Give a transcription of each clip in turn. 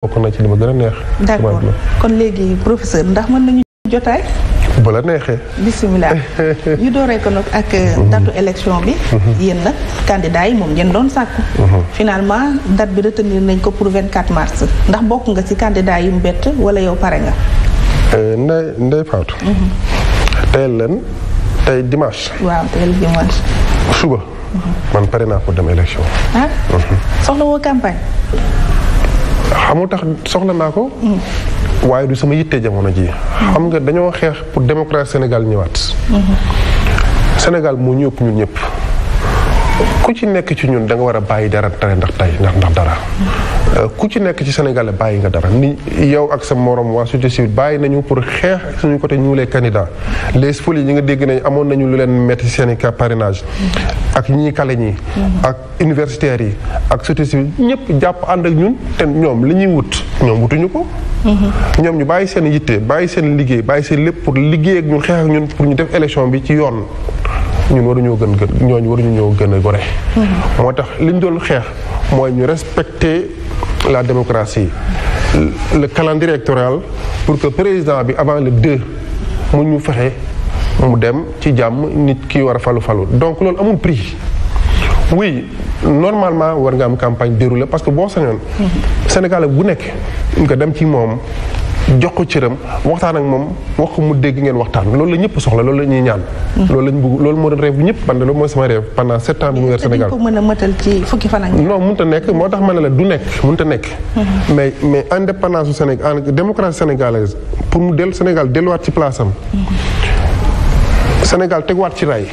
bokk na ci li ma gën a neex. d'accord kon léegi professeur ndax mën nañu jotaay. ba la neexee. bisimilah ñu dooree ko nag ak. Euh, mhm. datu élection bi. Mhm. yéen nag candidat yi moom ngeen doon sàkku. Mhm. finalement date bi retenir nañ ko pour 24 mars ndax bokk nga ci candidat yu mu bett wala yow pare nga. Euh, Ndeye Ndeye Fatou. tey lan tey dimanche. waaw tey dimanche. suba. man pare naa ko dem élection. Ah? soxla woo campagne. xamul tax soxla naa ko. waaye du sama yitte jamono ji xam nga dañoo xeex pour démocratie Sénégal ñëwaat. Mhm. Sénégal moo ñu ëpp ñun ñëpp. ku ci nekk ci ñun da war a bàyyi dara tere ndax tay ndax ndax dara euh, ku ci nekk ci Sénégal bàyyi nga dara ni yow ak sa morom waa société civile bàyyi nañu pour xeex suñu côté ñu lay candidat les folies yi nga dégg nañ amoon nañu lu leen metti seen i parrainage ak ñii kale ñi ak universitaires yi ak société civile ñëpp jàpp ànd ak ñun te ñoom li ñuy wut ñoom wutuñu ko ñoom ñu bàyyi seen yitte bàyyi seen liggéey bàyyi seen lépp pour liggéeyak ak ñun xeex ñun pour ñu def élection bi ci yoon ñun waruñoo gën gën ñoo gën a gore moo tax li ñu doon xeex mooy ñu respecter la démocratie le calendrier électoral pour que président bi avant le 2 mu ñu fexe mu dem ci jàmm nit ki war a falu falu donc loolu amul prix oui normalement war nga am campagne déroulée parce que boo sañoon mm-hmm. Sénégal bu nekk nga dem ci moom jox ko cëram waxtaan ak moom wax mu dégg ngeen waxtaan loolu la ñëpp soxla loolu la ñuy ñaan. Hmm. loolu lañ bëgg loolu moo doon rêve bu ñëpp man de loolu mooy sama rêve pendant sept ans bi mu wër Sénégal. ko mën a fan ak non mënut a nekk moo tax ma ne la du nekk mënut a nekk. Hmm. mais mais indépendance su Sénégal démocratie sénégalaise pour mu dellu Sénégal delluwaat ci place am. Hmm. Sénégal waat ci raay.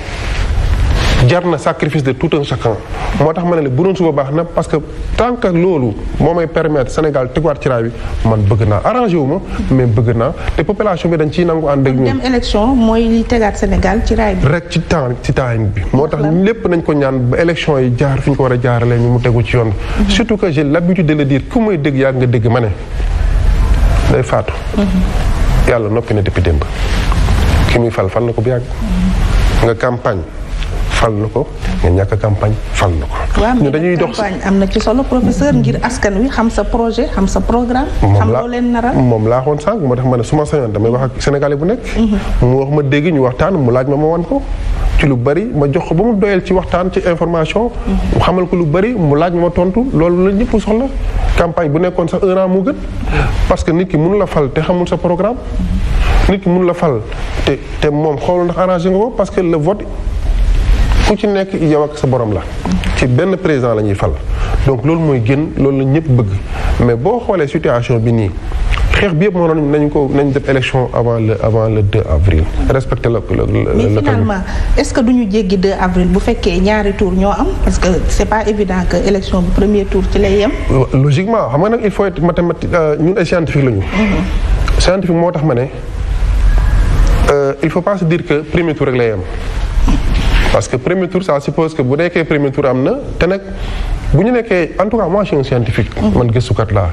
jar na sacrifice de tout un chacun moo tax ma ne la bu doon suba baax na parce que tant que loolu moo may permettre Sénégal teguwaat ci raay man bëgg naa arrangé wu ma mais bëgg naa te population bi dañ ciy nangu ànd ak ñoom. mooy li tegaat Sénégal ci raay rek ci temps ci temps bi. moo tax lépp nañ ko ñaan ba yi jaar fi ko war a jaaralee mu tegu ci yoon mhm. surtout que j'ai l'habitude de le dire ku may dégg yaa nga dégg ma ne day faatu. Mhm. yàlla noppi na depuis démb ki muy fal fal na ko bu yàgg mhm. nga campagne. fal la ko nga ñàkk campagne fal la ko. ñun dañuy dox campagne am na ci solo professeur ngir askan wi xam sa projet xam sa programme. xam loo leen naral moom laa xoon sànq moo tax ma ne su ma damay wax ak sénégalais bu nekk. Mhm. mu wax ma dégg ñu waxtaan mu laaj ma ma ko. ci lu bari ma jox ko ba mu doyal ci waxtaan ci information. Mhm. xamal ko lu bari mu laaj ma ma tontu loolu la ñëpp soxla campagne bu nekkoon sax un an mu gën. parce que nit ki mënu la fal te xamul sa programme. Mhm. nit ki mënu la fal te te moom xoolu ndax arrangé nga ko parce que le ku ci nekk yow ak sa borom la ci benn président la ñuy fal donc loolu mooy gën loolu la ñëpp bëgg mais boo xoolee situation bi nii xeex bi yëpp moo doon nañu ko nañu def élection avant le avant le 2 avril. respecté la la la mais finalement est-ce que duñu jéggi 2 avril bu fekkee ñaari tour ñoo am parce que c'est pas évident que élection bi premier tour ci lay yem. Euh, logiquement xam nga nag il faut être mathématique euh, ñun ay scientifique lañu. Mm-hmm. scientifique moo tax ma ne euh, il faut pas se dire que premier tour rek lay yem. parce que premier tour ça suppose que bu nekkee premier tour am na te nag bu ñu nekkee en tout cas moi je suis un scientifique. Mm-hmm. man gëstukat laa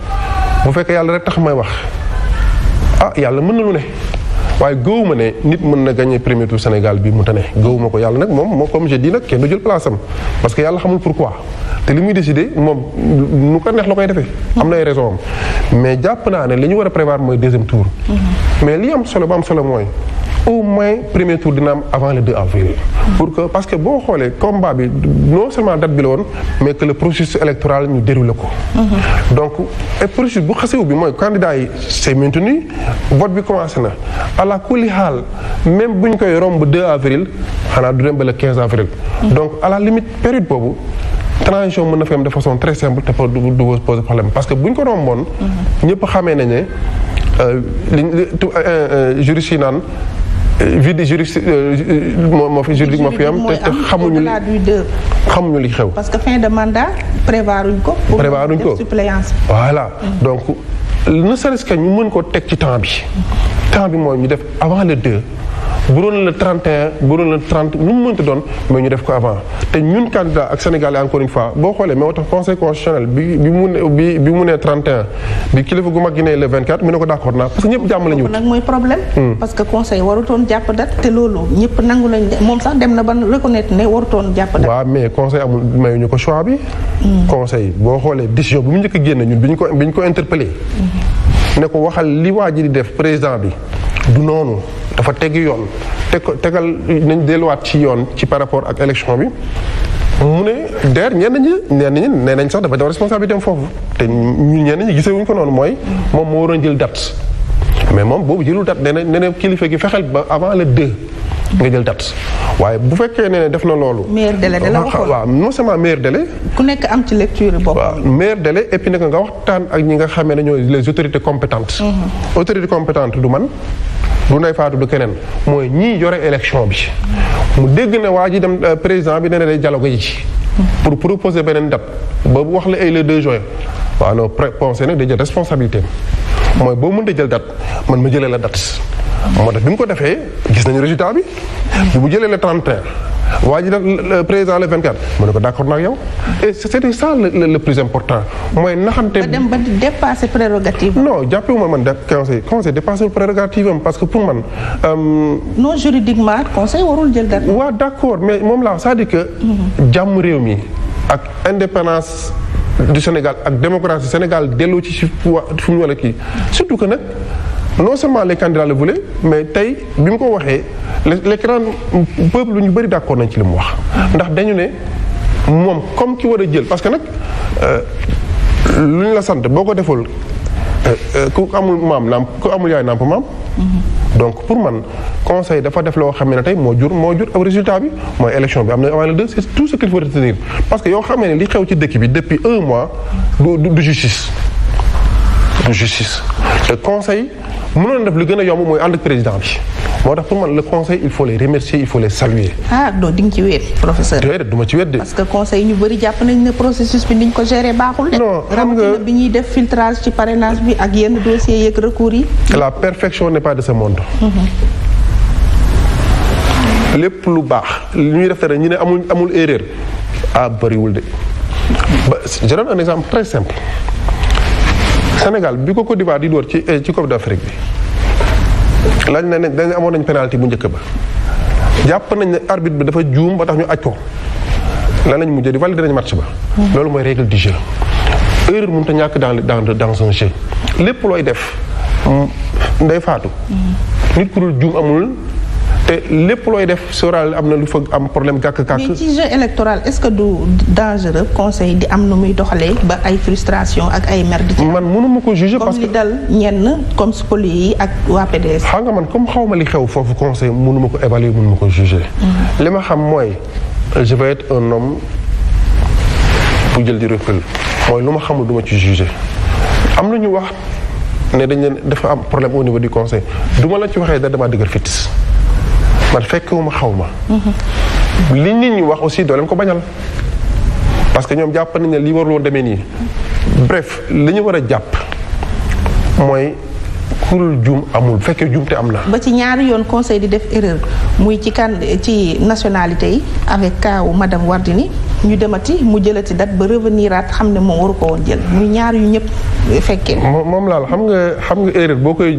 bu fekkee yàlla rek tax may wax ah yàlla mën na lu ne. waaye gëwuma ne nit mën na gagné premier tour Sénégal bi mu tane gëwuma ko yàlla nag moom moo comme je dis nag kenn du jël place parce que yàlla xamul pourquoi te li muy décidé moom nu ko neex la koy defee. am na ay raison mais jàpp naa ne li ñu war a prévoir mooy deuxième tour. Mm-hmm. mais li am solo ba am solo mooy. au moins premier tour dina am avant le avril. pour que parce que boo xoolee combat bi non seulement date bi la woon mais que le processus électoral ñu déroulé ko. Mhm. donc et processus bu xasewu bi mooy candidat yi c' est maintenu vote bi commencé na allah kulli xaal même bu ñu koy romb 2 avril xanaa du dem ba le 15 avril. Mhm. donc à la limite période boobu. transition mën na fi am de façon très simple te du du poser problème parce que bu ñu ko romboon. Mhm. ñëpp xamee nañ ne euh, li euh, euh, juriste yi naan. vide juridique euh, euh, moo moo fi juridique moo fi te xamuñu xamuñu li xew. parce que fin de mandat prévoiruñ ko. prévoiruñ ko suppléance voilà mm. donc ne serait-ce que ñu mën ko teg ci temps bi. temps bi mooy ñu def avant le deux. bu doon le 31 bu doon le 30 lu mu mënti doon mais ñu def ko avant te ñun candidat ak sénégalais encore une fois boo xoolee mais moo tax conseil constitutionnel bi bi mu ne bi bi mu nee 31 bi kilifa gu mag gi mu ne ko d'accord naa parce ñëpp jàmm la ñu wut mooy problème hmm. parce que conseil warutoon jàpp date te loolu ñëpp nangu lañ moom sax dem na ban reconnaître ne warutoon jàpp date waaw mais conseil amul mayuñu ko choix bi hmm. conseil boo xoolee décision bi mu njëkk a génn ñun bi ñu ko bi ñu ko hmm. ne ko waxal li waa ji di def président bi du noonu dafa teggi yoon teg tegal nañ delluwaat ci yoon ci par rapport ak élection bi mu ne der ñenn ñi ñenn ñi nee nañ sax dafa daw responsabilité am foofu te ñu ñenn ñi gisee wuñ ko noonu mooy moom moo waroon jël date mais moom boobu jëlul date nee na kilifa gi fexeel ba avant le 2 nga jël date waaye bu fekkee ne def na loolu. meilleur délai da la ah, waxoon waaw non seulement meilleur délai. ku nekk am ci lecture boppam. waaw meilleur délai et puis nag nga waxtaan ak ñi nga xamee nañoo les autorités compétentes. Mhm. autorités compétentes du man. du nay faatu du keneen mooy ñii jore élection bi mu dégg na waa ji dem euh, président bi nee na day dialogue yi ci pour proposer beneen date ba bu wax la ay le 2 juin waaw non pensé nag day jël responsabilité mooy boo mënta jël date man ma jëlee la date moo tax bi mu ko defee gis nañu résultat bi bu mu jëlee le 31 waa ji le président le 24 mu ne ko d'accord naa ak yow et c'était ça le important mooy naxante. ba dem ba di dépasser prérogative non jàppewuma man da conseil conseil dépasser prérogative am parce que pour man. Euh, non juridiquement conseil warul jël date. waaw d'accord mais moom laa c'est-à-dire mm-hmm. jàmm réew mi ak indépendance. du Sénégal ak démocratie Sénégal delloo ci si fu mu wala kii surtout que nag non seulement les candidats le mais tey bi mu ko waxee les grands peuple ñu bëri d'accord nañ ci li mu wax. ndax dañu ne moom comme ki war a jël parce que nag euh, lu ñu la sant boo ko deful euh, euh, ku amul maam naam ku amul yaay naam maam. donc pour man conseil dafa def loo xam ne tey moo jur moo jur aw résultat bi mooy élection bi am na avant le deux c'est tout ce qu'il faut parce que yow xam ne li xew ci dëkk bi depuis un mois du du justice du justice te conseil mënoon def li gën a yomb mooy ànd ak président bi moo tax pour man le conseil il faut les remercier il faut les saluer. ah doo di nga ci wéet professeur. déedéet du ma ci wéet de. parce que conseil ñu bëri jàpp nañ ne processus bi niñ ko gérer baaxul de. non ñuy def filtrage ci parrainage bi ak yenn dossiers la perfection n'est pas de ce monde. Mhm. lépp lu baax li ñuy def tere ñu ne amul amul erreur ah bëriwul de ba je donne un exemple très simple Sénégal bi ko Côte d'Ivoire di door ci eh, ci Coupe d'Afrique bi. lañ ne dañ amoon nañ pénalti bu njëkk ba jàpp nañ ne bi dafa juum ba tax ñu aj ko lan lañ mujjee di valider nañ match ba. loolu mooy règle du jeu. erreur mënut a ñàkk dans dans dans un jeu lépp looy def. ndey faatu. nit ku juum amul. te lépp looy def sóoraal am na lu fa am problème gàkk-gàkk. mais ci jeu électoral est-ce que du dangereux conseil di am nu muy doxalee ba ay frustration ak ay mer. di man mënu ma ko juger parce que comme li dal ñenn comme spoli yi ak waa PDS. xam nga man comme xaw ma li xew foofu conseil mënu ko évaluer mënu ko juger. Mm-hmm. li ma xam mooy je vais un homme bu jël di recul mooy lu ma xamul du ma ci juger am na ñu wax ne dañ leen dafa am problème au niveau du conseil man fekkewuma xaw ma. li nit ñi wax aussi doo leen ko bañal parce que ñoom jàpp nañ li warul woon demee nii. bref li war a jàpp mooy kurul juum amul bu fekkee juum te am na. ba ci ñaari yoon conseil di def erreur muy ci kan ci nationalité yi avec kaawu madame Wardini ñu demati mu jëlati date ba reveniraat xam ne moom waru ko woon jël muy ñaar yu ñëpp fekkee. moom laal xam nga xam nga erreur boo koy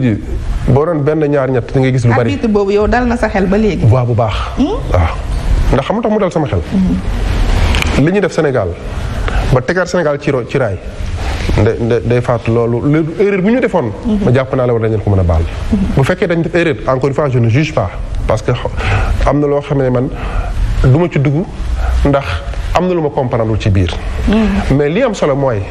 boo doon benn ñaar ñett da ngay gis lu bari. arbitre boobu yow dal na sa xel ba léegi. waaw bu baax. Hmm? waaw ndax xam tax mu dal sama xel. Hmm. li ñu def Sénégal ba tegaat Sénégal ci ci raay. da day faatu loolu léegi erreur bu ñu defoon. Hmm. ma jàpp naa la war dañ leen ko mën a baal. bu fekkee dañ def erreur encore une fois je ne juge pas parce que am na loo xam ne man du ma ci dugg ndax am na lu ma comprendre ci biir. mais li am solo mooy